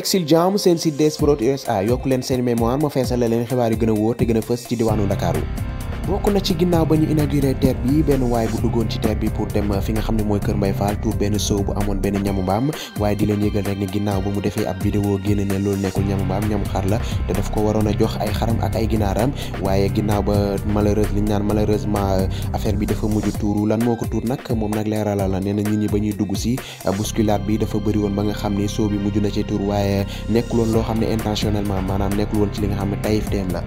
yegsil jàmm seen site DS USA yokku leen seen mémoire ma feesal leen xibaar yi gën a wóor te gën a fës ci diwaanu Ndakaaru bokk na ci ginnaaw ba ñu inauguré terre bi benn waay bu duggoon ci terre bi pour dem fi nga xam ne mooy Kër Mbay Fall tuur benn sow bu amoon benn ñamu mbaam waaye di leen yëgal rek ne ginnaaw ba mu defee ab vidéo génn ne loolu nekkul ñamu mbaam ñamu xar la te ko waroon a jox ay xaram ak ay ginaaram waaye ginnaaw ba malheureuse li ñu naan malheureusement euh, affaire bi dafa mujj tuuru lan moo ko tuur nag moom nag leerala la nee na nit ñi ba ñuy dugg si euh, bousculade bi dafa bëri woon ba nga xam ne sow bi mujj na ci tuur waaye nekkul woon loo xam ne intentionnellement maanaam nekkul woon ci li nga xam ne tayif teem la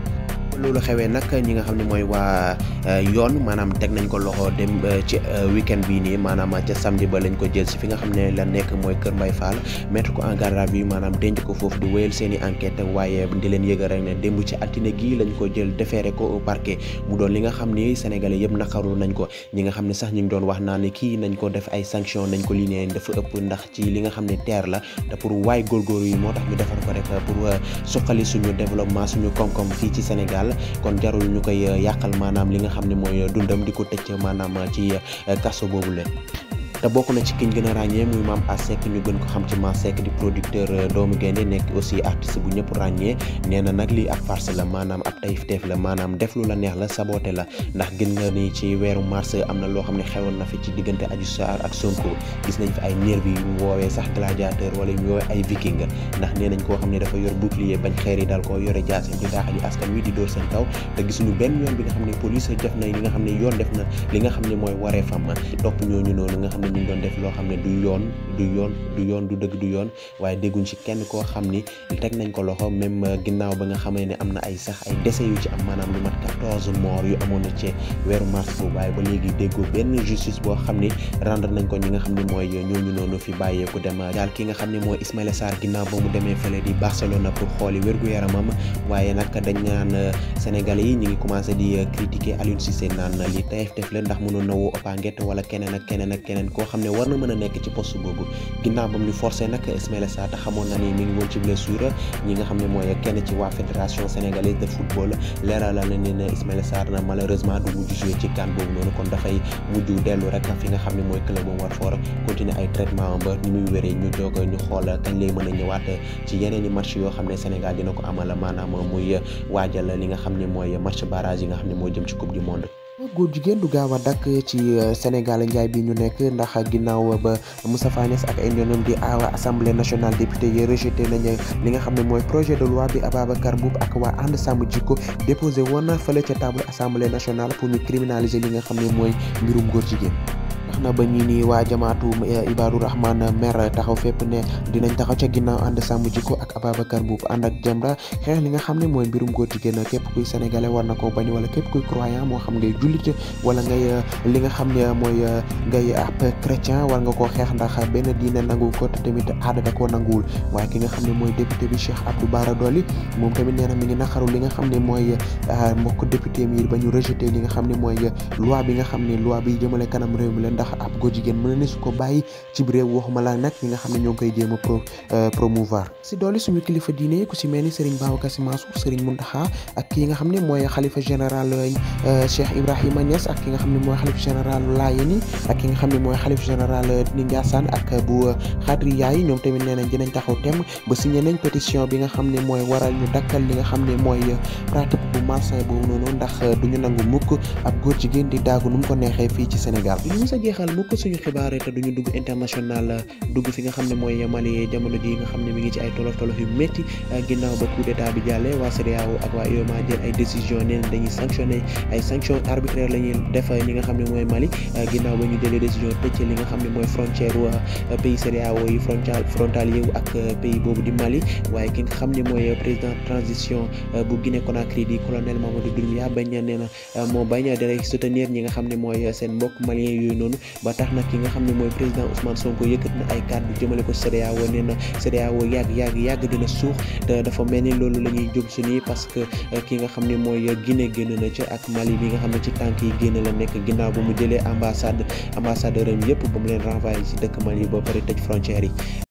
loolu xewee nag ñi nga xam ne mooy waa euh, yoon maanaam teg nañ ko loxo dem euh, ci euh, weekend bii nii maanaam ca samedi ba lañ ko jël si fi nga xam ne la nekk mooy Kër Mbay faal mettre ko en yi maanaam denc ko foofu di wéyal seen i enquête waaye di leen yëgal rek ne démb ci altine gii lañ ko jël defeere ko au parquet mu li nga xam ni sénégalais yëpp naqaru nañ ko ñi nga xam ne sax ñu ngi doon wax naa ne kii nañ ko def ay sanction nañ ko linée dafa ëpp ndax ci li nga xam ne terre la pour waay góorgóorlu yi moo tax ñu defar ko rek pour suqali suñu développement suñu koom-koom fii ci Sénégal Sénégal kon jarul ñu ko yàqal maanaam li nga xam ne mooy dundam di ko tëcc maanaam ci kaso boobu leen te bokk na ci kiñ gën a ràññee muy Mame Ass ñu gën ko xam ci Mass di producteur euh, doomu gaynde nekk aussi artiste bu ñëpp ràññee nee na nag lii ab farce la maanaam ab tayifteef la maanaam def lu la neex la saboté la ndax gën na ni ci weeru mars am na loo xam ne xewoon na fi ci diggante Adji Sarr ak Sonko gis nañ fi ay nervi yu mu woowee sax gladiateur wala yu mu woowee ay viking ndax nee nañ ko xam ne dafa yor bouclier bañ xeer yi dal ko yore jaase di daaxal yi askan wi di dóor seen kaw te gisuñu benn yoon bi nga xam def na li nga xam ne yoon def na li nga xam ne mooy waree fam topp ñu doon def loo xam ne du yoon du yoon yoon du dëgg du yoon waaye dégguñ ci kenn koo xam ni teg nañ ko loxo même euh, ginnaaw ba nga xamee ne am na ay sax ay yu ci am maanaam lu mat 14 morts yu amoon na ci weeru mars boobu waaye ba léegi déggoo benn boo xam ni rendre nañ ko ñi nga xam ne mooy ñooñu noonu fi bàyyeeku dem daal ki nga xam ne mooy Ismaïla Sarr ginnaaw ba mu demee fële di Barcelona pour xooli wér-gu-yaramam waaye nag dañ naan euh, Sénégalais yi ñu ngi commencé di euh, critiquer Aliou Cissé naan li tayef def la ndax mënoon na woo Opanguette wala keneen ak keneen ak keneen ko koo xam ne war na mën a nekk ci post boobu ginnaaw bam ñu forcé nag Ismaïla Sarr xamoon na ni mi ngi woon ci blessure ñi nga xam ne mooy kenn ci waa fédération sénégalaise de football leeral na ne ne Ismaïla ci kan boobu noonu kon dafay mujj dellu rek fi nga xam ne mooy club am war fort continuer ay traitement ba ni muy wéree ñu doog ñu xool kañ lay mën a ñëwaat ci yeneen i match yoo xam ne Sénégal dina ko amal maanaam muy waajal li nga xam ne mooy match barrage yi nga xam ne moo jëm ci coupe du monde góor jigéen du gaaw a dakk ci euh, Sénégal njaay bi ñu nekk ndax ginnaaw ba Moustapha Niasse ak ay ñoñam di assemblée nationale député yi rejeté nañ li nga xam ne mooy projet de loi bi Ababacar Mboup ak waa ànd sàmm jikko déposé woon fële ca table assemblée nationale pour ñu criminaliser li nga xam ne mooy mbirum góor jigéen tax na ba ñi ni waa jamaatu eh, Ibadu Rahman mer taxaw fépp ne dinañ taxaw ca ginnaaw ànd sàmm jikko ak Ababacar Mboup ànd ak Jamra xeex li nga xam ne mooy mbirum góor jigéen képp kuy sénégalais war na ko bañ wala képp kuy croyant moo xam ngay jullit wala ngay eh, li nga xam ne mooy eh, ngay ab war nga koo xeex ndax benn diine nangu ko te tamit aada da koo nanguwul waaye ki nga xam ne mooy député bi Cheikh Abdou Bara Dolly moom tamit nee na mi ngi naqaru li nga xam ne mooy mbokk député mi ba ñu rejeté li nga xam ne mooy loi bi nga xam ne loi bi jëmale kanam réew mi la tax ab góor jigéen mën na su ko bàyyi ci réew waxuma la nag nga xam ne ñoo ngi koy jéem a euh, promouvoir si doole suñu kilifa diine yi si mel ni Serigne Babacar Sy Mansour Serigne Mountakha ak ki nga xam ne mooy xalifa général euh, Cheikh Ibrahima Niass ak ki nga xam ne mooy xalifa général Layeni ak ki nga xam ne mooy xalifa général Ndiassane ak bu xadri euh, yaay ñoom tamit nee nañ dinañ taxaw tem ba si nañ pétition bi nga xam ne mooy waral ñu dakkal li nga xam ne mooy pratique malsain boobu noonu ndax duñu nangu mukk ab góor jigéen di daagu nu mu ko neexee fii ci Sénégal ñu mës a jeexal mukk suñu xibaar te duñu dugg international dugg fi nga xam ne mooy Mali jamono di nga xam ne mi ngi ci ay tolof tolof yu bi jàllee waa CEDEAO ak waa UEMOA jël ay décision neen dañuy la ñuy def ñi nga xam ne mooy Mali ginnaaw ba ñu jëlee décision tëcc li nga xam ne mooy frontière wa pays CEDEAO yi frontière frontalier ak pays boobu di Mali waaye ki nga xam ne mooy président transition euh, bu Guinée Conakry di colonel Mamadou Doumbia bañ nee na euh, moo ñi nga xam ne mooy euh, seen mbokk malien yooyu noonu ba tax na ki nga xam ne mooy président Ousmane ko yëkkat na ay kàddu jëmale ko CEDEAO nee na CEDEAO yàgg yàgg yàgg dina suux te dafa mel ni loolu la ñuy jub suñuy parce que euh, ki nga xam ne mooy Guinée génn na ca ak Mali bi nga xam ne ci tànk yi génn la nekk ginnaaw ba mu jëlee ambassade ambassadeur am yëpp ba mu leen renvoyé ci dëkk Mali ba pare tëj frontières yi